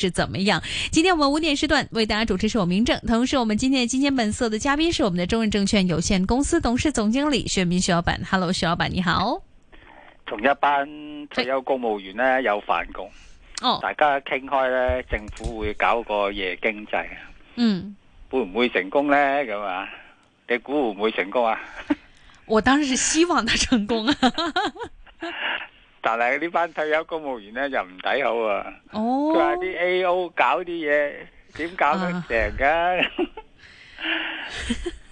是怎麼樣？今天我們五點時段為大家主持是我明正，同時我們今天金錢本色的嘉賓是我們的中潤證券有限公司董事總經理徐潤民徐老闆。Hello，徐老闆你好。同一班退休公務員呢是有反共哦，大家傾開呢，政府會搞個夜經濟，嗯，會唔會成功呢？咁啊，你估會唔會成功啊？ 我當時是希望它成功啊。 但係呢班退休公務員咧又唔抵好啊！佢話啲 AO 搞啲嘢點搞得成噶？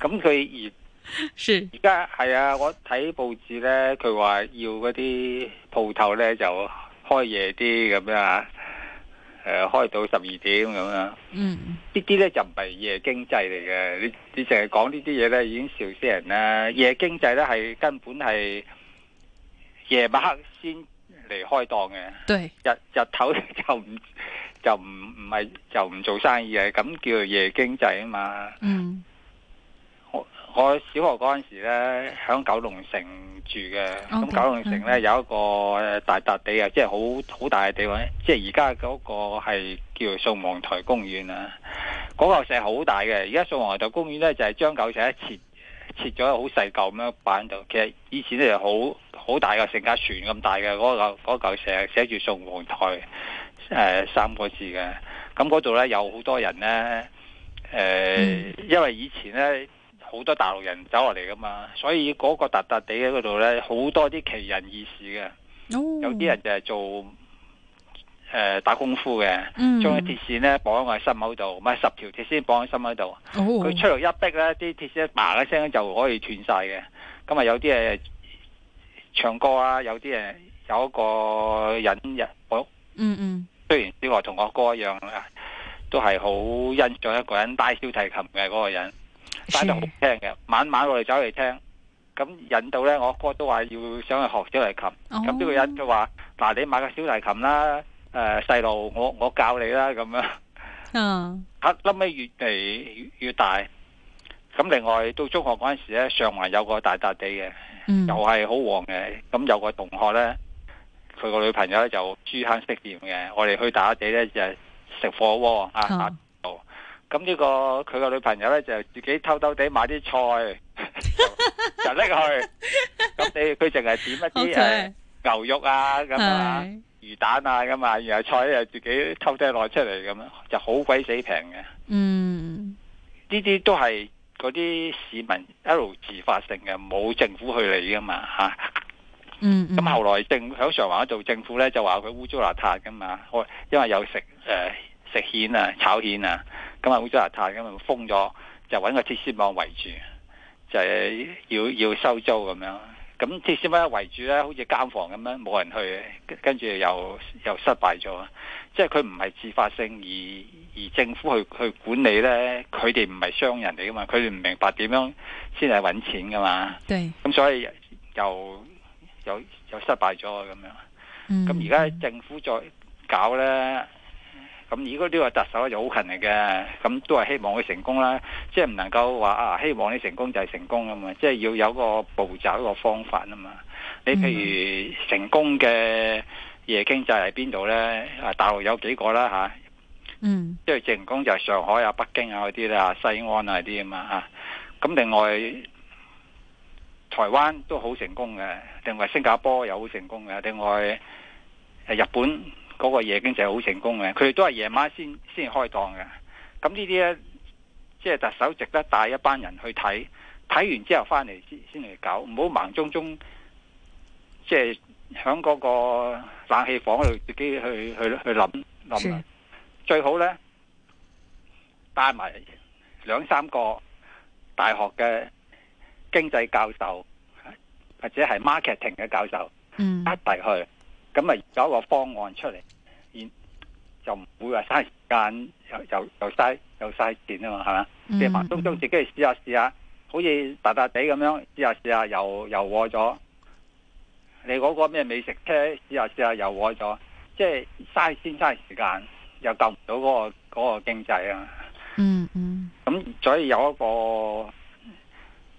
咁佢而而家係啊！我睇報紙咧，佢話要嗰啲鋪頭咧就開夜啲咁樣啊！誒，開到十二點咁樣啊！嗯，呢啲咧就唔係夜經濟嚟嘅，你你淨係講呢啲嘢咧，已經笑死人啦！夜經濟咧係根本係。夜晚黑先嚟開檔嘅，對日日頭就唔就唔唔係就唔做生意嘅，咁叫做夜經濟啊嘛。嗯，我我小學嗰陣時咧，響九龍城住嘅，咁 Okay, 九龍城咧，嗯、有一個大笪地啊，即係好好大嘅地方，即係而家嗰個係叫做宋皇台公園啊，嗰個石好大嘅，而家宋皇台公園咧就係將九石一拆。切咗好細嚿咁樣板度，其實以前咧好好大，的成家大的，那個成架船咁大嘅嗰嚿石寫住宋皇台，誒、呃、三個字嘅，咁嗰度咧有好多人咧誒，呃嗯、因為以前咧好多大陸人走落嚟噶嘛，所以嗰個突突地喺嗰度咧好多啲奇人異事嘅，有啲人就係做。誒、呃、打功夫嘅，將啲、嗯、鐵線咧綁喺我心口度，唔係十條鐵線綁喺心口度。佢、哦、出嚟一逼咧，啲鐵線一叭一聲就可以斷晒嘅。咁啊有啲誒唱歌啊，有啲誒有一個人日嗯嗯，雖然小學同我哥一樣啊，都係好欣賞一個人帶小提琴嘅嗰個人，帶得好聽嘅，晚是晚我哋走嚟聽。咁引到咧，我哥，哥都話要想去學小提琴。咁呢個人就話：嗱、哦，你買個小提琴啦！誒，細路、呃，我我教你啦，咁樣，啊、oh.，粒屘越嚟越大，咁另外到中學嗰陣時咧，上環有個大笪地嘅，mm. 又係好旺嘅，咁有個同學咧，佢個女朋友咧就豬肝食店嘅，我哋去大笪地咧就係食火鍋、oh. 啊，好、這個，咁呢個佢個女朋友咧就自己偷偷地買啲菜 就拎去，咁 你佢淨係點一啲誒 Okay.、啊、牛肉啊，咁啊。魚蛋啊，咁嘛，然後菜又自己偷低攞出嚟，咁樣，就好鬼死平嘅。嗯，呢啲都係嗰啲市民一路自發性嘅，冇政府去理噶嘛吓。嗯咁、mm hmm. 啊、後來政響上環嗰度政府咧就話佢污糟邋遢噶嘛，因為有食誒、呃、食蜆啊，炒蜆啊，咁啊污糟邋遢，咁啊封咗，就搵個鐵絲網圍住，就係要要收租咁樣。咁即係圍住咧，好似監房咁樣，冇人去，跟住又又失敗咗。即係佢唔係自發性，而而政府去去管理咧，佢哋唔係商人嚟噶嘛，佢哋唔明白點樣先係搵錢噶嘛。對，咁所以又又又失敗咗咁樣。咁而家政府再搞咧。嗯嗯咁如果呢個特首就好勤力嘅，咁都係希望佢成功啦。即係唔能夠話啊，希望你成功就係成功啊嘛，即係要有一個步驟，一個方法啊嘛。你譬如成功嘅夜經濟喺邊度呢？啊，大陸有幾個啦吓，啊、嗯。即係成功就係上海啊、北京啊嗰啲啦、西安啊啲啊嘛嚇。咁另外台灣都好成功嘅，另外新加坡又好成功嘅，另外日本。嗰個夜經濟好成功嘅，佢哋都係夜晚先先開檔嘅。咁呢啲咧，即係特首值得帶一班人去睇，睇完之後返嚟先先嚟搞，唔好盲中中，即係喺嗰個冷氣房度自己去去去諗諗。最好咧，帶埋兩三個大學嘅經濟教授，或者係 marketing 嘅教授嗯，一齊去，咁咪有一個方案出嚟。就唔會話嘥時間又又又嘥又嘥錢啊嘛，係嘛？即係盲舂舂自己去試下試下，好似大笪地咁樣試下試下，又又餓咗。你嗰個咩美食車試下試下又餓咗，即係嘥錢嘥時間，又救唔到嗰個嗰、嗰個經濟啊、嗯。嗯嗯。咁所以有一個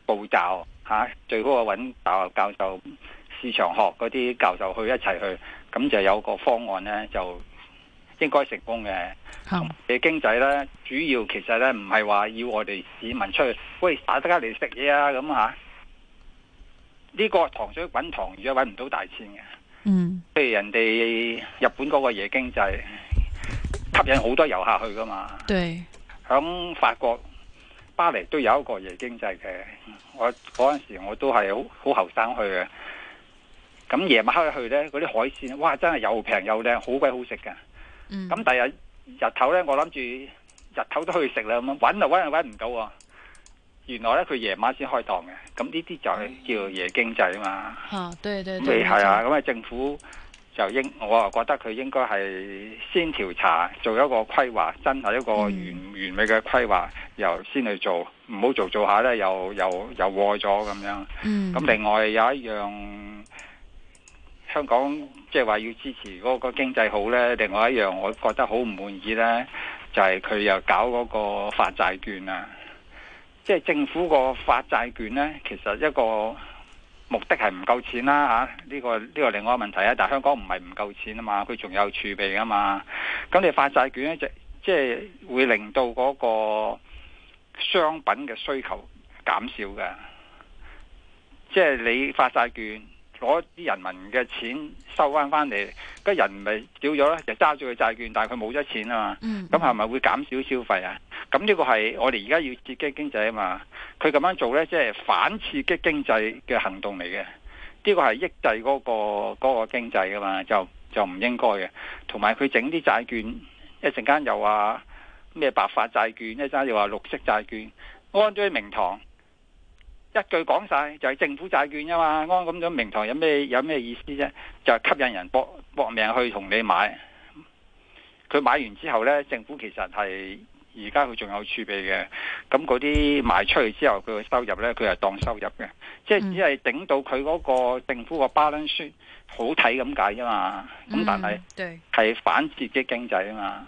步驟吓、啊，最好啊揾大學教授、市場學嗰啲教授去一齊去，咁就有個方案咧就。應該成功嘅。夜好經濟咧，主要其實咧唔係話要我哋市民出去，喂，大家嚟食嘢啊！咁嚇，呢、呢個糖水滾糖魚啊，揾唔到大錢嘅。嗯。譬如人哋日本嗰個夜經濟，吸引好多遊客去噶嘛。對。響法國巴黎都有一個夜經濟嘅，我嗰陣時我都係好好後生去嘅。咁夜晚黑去咧，嗰啲海鮮，哇！真係又平又靚，好鬼好食㗎。咁第、嗯、日日頭咧，我諗住日頭都可以食啦，咁揾又揾又揾唔到、啊，原來咧佢夜晚先開檔嘅。咁呢啲就係叫夜經濟啊嘛。嗯、啊，對對對。咪係啊，咁啊政府就應，我啊覺得佢應該係先調查，做一個規劃，真係一個完、嗯、完美嘅規劃，又先去做，唔好做做，做下咧，又又又壞咗咁樣。嗯。咁另外有一樣。香港即係話要支持嗰個經濟好呢，另外一樣我覺得好唔滿意呢，就係佢又搞嗰個發債券啊！即係政府個發債券呢，其實一個目的係唔夠錢啦吓，呢個呢個另外一個問題啊。但係香港唔係唔夠錢啊嘛，佢仲有儲備啊嘛。咁你發債券呢，就即係會令到嗰個商品嘅需求減少嘅，即係你發債券。攞啲人民嘅錢收翻翻嚟，嗰人咪少咗咧？就揸住佢債券，但係佢冇咗錢啊嘛。咁係咪會減少消費啊？咁呢個係我哋而家要刺激經濟啊嘛。佢咁樣做呢，即係反刺激經濟嘅行動嚟嘅。呢個係抑制嗰個嗰個經濟噶嘛，就就唔應該嘅。同埋佢整啲債券，一陣間又話咩白髮債券，一陣間又話綠色債券，安咗啲名堂。一句講晒，就係、是、政府債券啫嘛，安咁樣名堂有咩有咩意思啫？就是、吸引人搏搏命去同你買。佢買完之後呢，政府其實係而家佢仲有儲備嘅，咁嗰啲賣出去之後，佢嘅收入呢，佢係當收入嘅，即係只係頂到佢嗰個政府個巴 a l 好睇咁解啫嘛。咁但係係反刺激經濟啊嘛。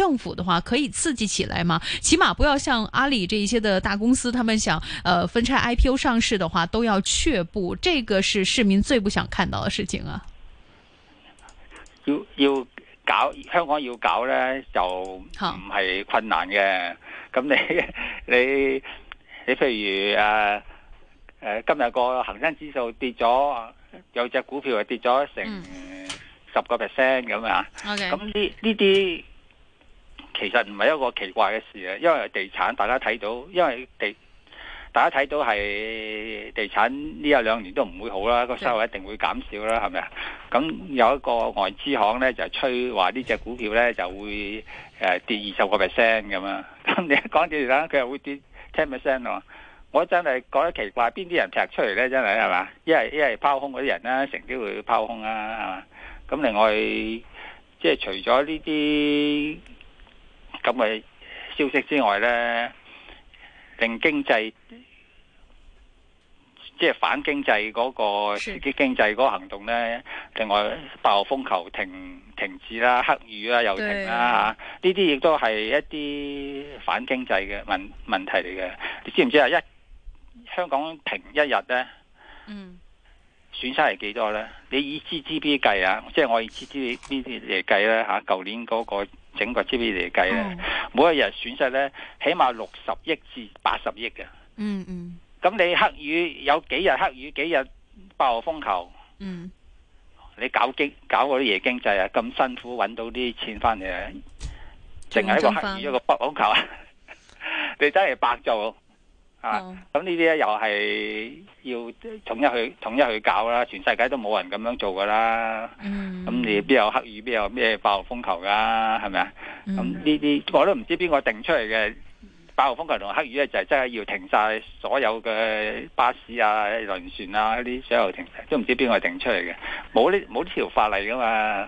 政府的話可以刺激起來嗎？起碼不要像阿里這一些的大公司，他們想呃分拆 IPO 上市的話都要卻步，這個是市民最不想看到的事情啊。要要搞香港要搞呢就唔係困難嘅。咁好你你你譬如誒、啊啊、今日個恒生指數跌咗，有隻股票係跌咗成十個 percent 咁啊。咁呢呢啲。嗯 okay. 其實唔係一個奇怪嘅事啊，因為地產大家睇到，因為地大家睇到係地產呢一兩年都唔會好啦，個收入一定會減少啦，係咪啊？咁有一個外資行咧就吹話呢隻股票咧就會誒跌二十個 percent 咁樣，咁你一講住啦，佢又會跌 ten percent 喎！我真係覺得奇怪，邊啲人踢出嚟？咧？真係係嘛？因為因為拋空嗰啲人啦，成機會拋空啊，係嘛？咁另外即係除咗呢啲。咁嘅消息之外呢，令經濟即係、就是、反經濟嗰個刺激經濟嗰個行動呢，是另外八號風球停停止啦，黑雨對啊，又停啦嚇，呢啲亦都係一啲反經濟嘅問問題嚟嘅。你知唔知啊？一香港停一日呢，嗯，損失係幾多呢？你以 GDP 計啊，即、就、係、是、我以 GDP 嚟計呢。舊、啊、年嗰、那個。整個 GDP 嚟計咧，oh. 每一日損失咧起碼六十億至八十億嘅。嗯嗯、mm，咁、hmm. 你黑雨有幾日黑雨？幾日八號風球？嗯、mm，hmm. 你搞經搞啲夜經濟啊，咁辛苦揾到啲錢翻嚟，淨係、mm hmm. 一個黑雨、mm hmm. 一個八號風球啊，mm hmm. 你真係白做。啊！咁呢啲咧又係要統一去統一去搞啦，全世界都冇人咁樣做噶啦。咁、嗯、你邊有黑雨，邊有咩八號風球噶？係咪啊？咁呢啲我都唔知邊個定出嚟嘅八號風球同黑雨咧，就係真係要停晒所有嘅巴士啊、輪船啊啲，所有停晒，都唔知邊個定出嚟嘅，冇呢冇條法例噶嘛。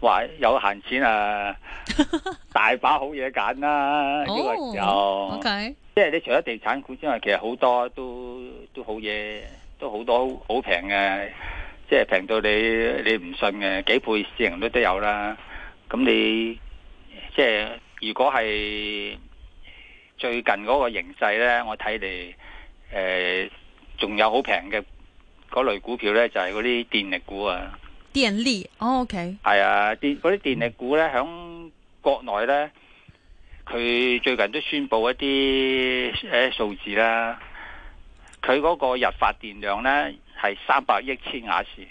話有閒錢啊， 大把好嘢揀啦。呢、個時候，即係你除咗地產股之外，其實好多都都好嘢，都好多好平嘅，即係平到你你唔信嘅，幾倍市盈率都有啦。咁你即係、就是、如果係最近嗰個形勢咧，我睇嚟誒仲有好平嘅嗰類股票咧，就係嗰啲電力股啊。電力、oh，OK，係啊，電嗰啲電力股咧，響國內咧，佢最近都宣布一啲誒，數字啦，佢嗰個日發電量咧係三百億千瓦時，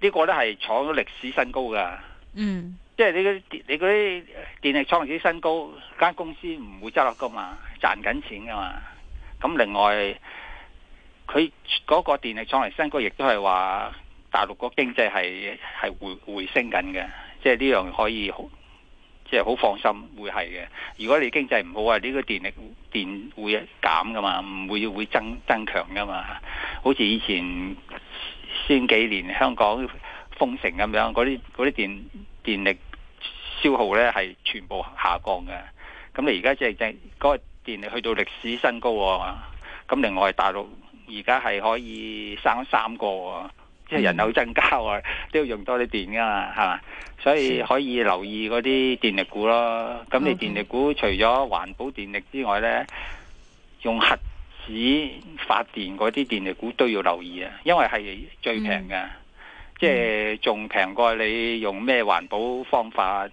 這個，呢個咧係創歷史新高噶，嗯，即係你嗰啲你啲電力創歷史新高，間公司唔會執落噶嘛，賺緊錢噶嘛，咁另外佢嗰個電力創歷史新高，亦都係話。大陸個經濟係係回回升緊嘅，即係呢樣可以即係好放心會係嘅。如果你經濟唔好啊，呢個電力電會減噶嘛，唔會會增增強噶嘛。好似以前先幾年香港封城咁樣，嗰啲啲電電力消耗咧係全部下降嘅。咁你而家即係即係嗰個電力去到歷史新高啊！咁另外大陸而家係可以生三個啊。即係人口增加啊，都要用多啲電噶嘛，係嘛，所以可以留意嗰啲電力股咯。咁你電力股除咗環保電力之外呢，用核子發電嗰啲電力股都要留意啊，因為係最平嘅，即係仲平過你用咩環保方法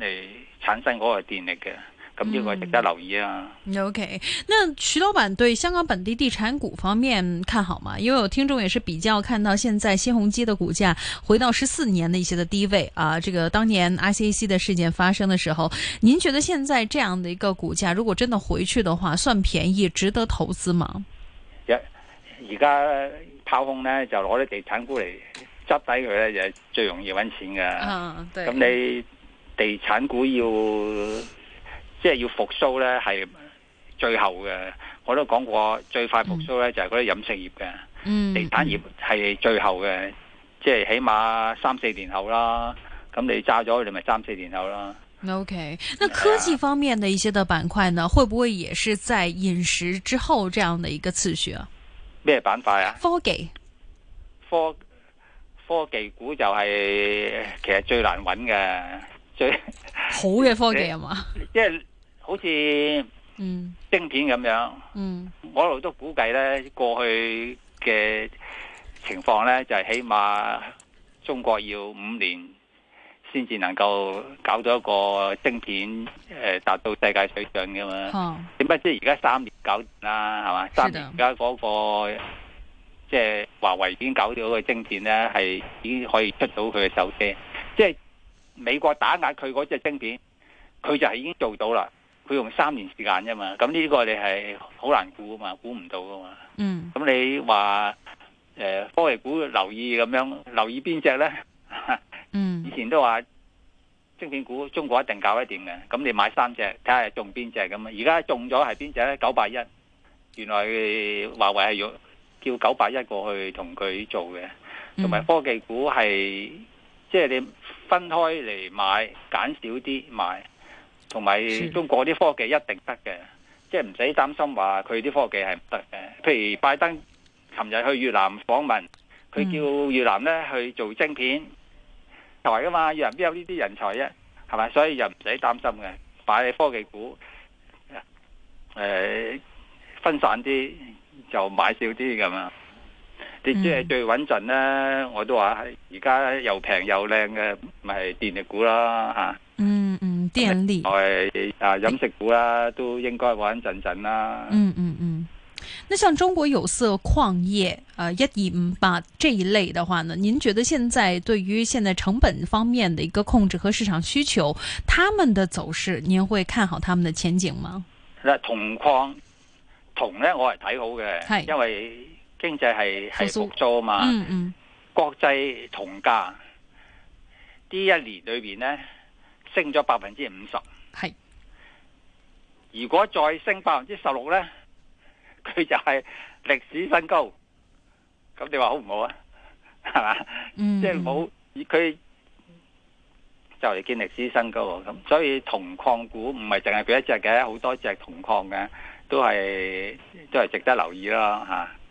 嚟產生嗰個電力嘅。咁呢、嗯、個值得留意啊！OK，那徐老闆對香港本地地產股方面看好嗎？因為有聽眾也是比較看到現在新鴻基的股價回到十四年的一些的低位啊，這個當年 ICAC 的事件發生的時候，您覺得現在這樣的一個股價如果真的回去的話，算便宜值得投資嗎？一而家拋空呢，就攞啲地產股嚟執低佢呢，就最容易搵錢㗎。嗯、啊，對。咁你地產股要？即係要復蘇呢，係最後嘅。我都講過，最快復蘇呢，嗯、就係嗰啲飲食業嘅，地產、嗯、業係最後嘅，即係起碼三四年後啦。咁你炸咗，佢，咪三四年後啦。OK，那科技方面的一些嘅板塊呢，啊、會不會也是在飲食之後這樣的一個次序啊？咩板塊啊？F orge. 科技科科技股就係其實最難揾嘅，最好嘅科技啊嘛？因為。 好似嗯，晶片咁樣，嗯，我一路都估計咧，過去嘅情況咧，就係起碼中國要五年先至能夠搞到一個晶片誒達到世界水準噶嘛，點不知而家三年搞啦係嘛？三年而家嗰個即係華為已經搞到個晶片咧，係已經可以出到佢嘅手機，即係美國打壓佢嗰隻晶片，佢就係已經做到啦。佢用三年時間啫嘛，咁呢個你係好難估啊嘛，估唔到啊嘛。嗯，咁你話誒科技股留意咁樣，留意邊隻咧？嗯，以前都話晶片股中國一定搞得掂嘅，咁你買三隻睇下中邊隻咁啊。而家中咗係邊隻咧？九八一，原來華為係要叫九八一過去同佢做嘅，同埋科技股係即係你分開嚟買，減少啲買。同埋中國啲科技一定得嘅，即係唔使擔心話佢啲科技係唔得嘅。譬如拜登琴日去越南訪問，佢叫越南咧去做晶片材噶、嗯、嘛，越南邊有呢啲人才啫、啊，係咪？所以又唔使擔心嘅。擺科技股，誒、呃、分散啲就買少啲咁樣。你即係最穩陣咧，我都話係而家又平又靚嘅，咪電力股啦嚇、啊嗯。嗯。電力，啊，飲食股啦，是都應該穩陣陣啦。嗯嗯嗯，那像中國有色礦業啊，1258這一類的話呢，您覺得現在對於現在成本方面的一個控制和市場需求，他們的走勢，您會看好他們的前景嗎？嗱，銅礦，銅呢我係睇好嘅，係是因為經濟係係復蘇啊嘛。嗯嗯，嗯國際銅價，呢一年裏邊呢升咗百分之五十，係。是如果再升百分之十六呢，佢就係歷史新高。咁你話好唔好啊？係嘛，即係好，以佢、嗯、就嚟見歷史新高。咁所以銅礦股唔係淨係佢一隻嘅，好多隻銅礦嘅都係都係值得留意囉。吓。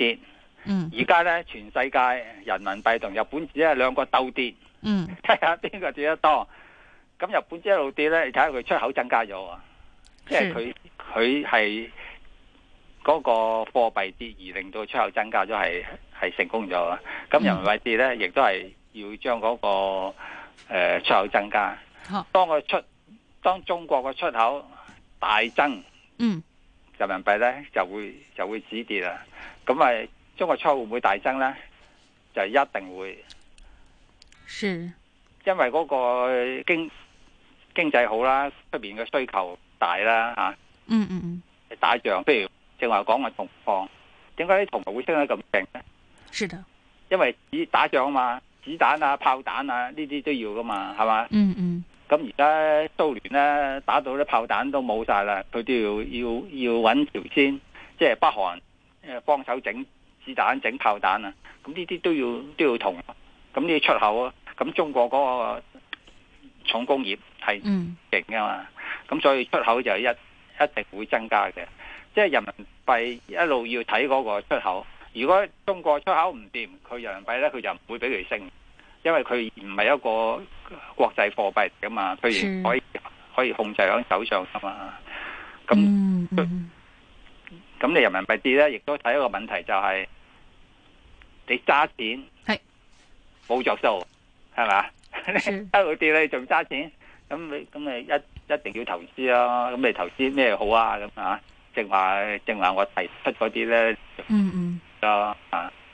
跌，嗯，而家咧，全世界人民幣同日本只係兩個鬥跌，嗯，睇下邊個跌得多。咁日本一路跌咧，你睇下佢出口增加咗，即係佢佢係嗰個貨幣跌而令到出口增加咗，係係成功咗啦。咁人民幣跌咧，亦都係要將嗰個誒出口增加。當佢出，當中國個出口大增，嗯，人民幣咧就會就會止跌啦。咁咪中國菜會唔會大增咧？就一定會，係因為嗰個經經濟好啦，啊，出邊嘅需求大啦嚇。嗯嗯嗯。打仗，譬如正話講嘅銅礦，點解啲同銅會升得咁勁咧？是的，因為紙打仗嘛，子彈啊、炮彈啊呢啲都要㗎嘛，係嘛？嗯嗯。咁而家蘇聯咧打到啲炮彈都冇晒啦，佢都要要要揾朝鮮，即係北韓。誒，幫手整子彈、整炮彈啊！咁呢啲都要、嗯、都要同，咁呢啲出口啊，咁中國嗰個重工業係勁噶嘛，咁、嗯、所以出口就一一定會增加嘅。即係人民幣一路要睇嗰個出口。如果中國出口唔掂，佢人民幣咧，佢就唔會俾佢升，因為佢唔係一個國際貨幣噶嘛，佢唔可以可以控制喺手上噶嘛。咁。嗯、所以咁你人民幣跌咧，亦都睇一個問題就係你揸錢係冇著數，係咪？跌嗰跌你仲揸錢，咁你咁你一一定要投資咯、啊。咁你投資咩好啊？咁啊？正話正話我提出嗰啲咧，嗯嗯，啊。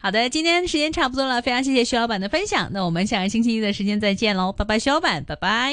好的，今天時間差不多了，非常謝謝徐老闆的分享，那我們下個星期一的時間再見嘍，拜拜，徐老闆，拜拜。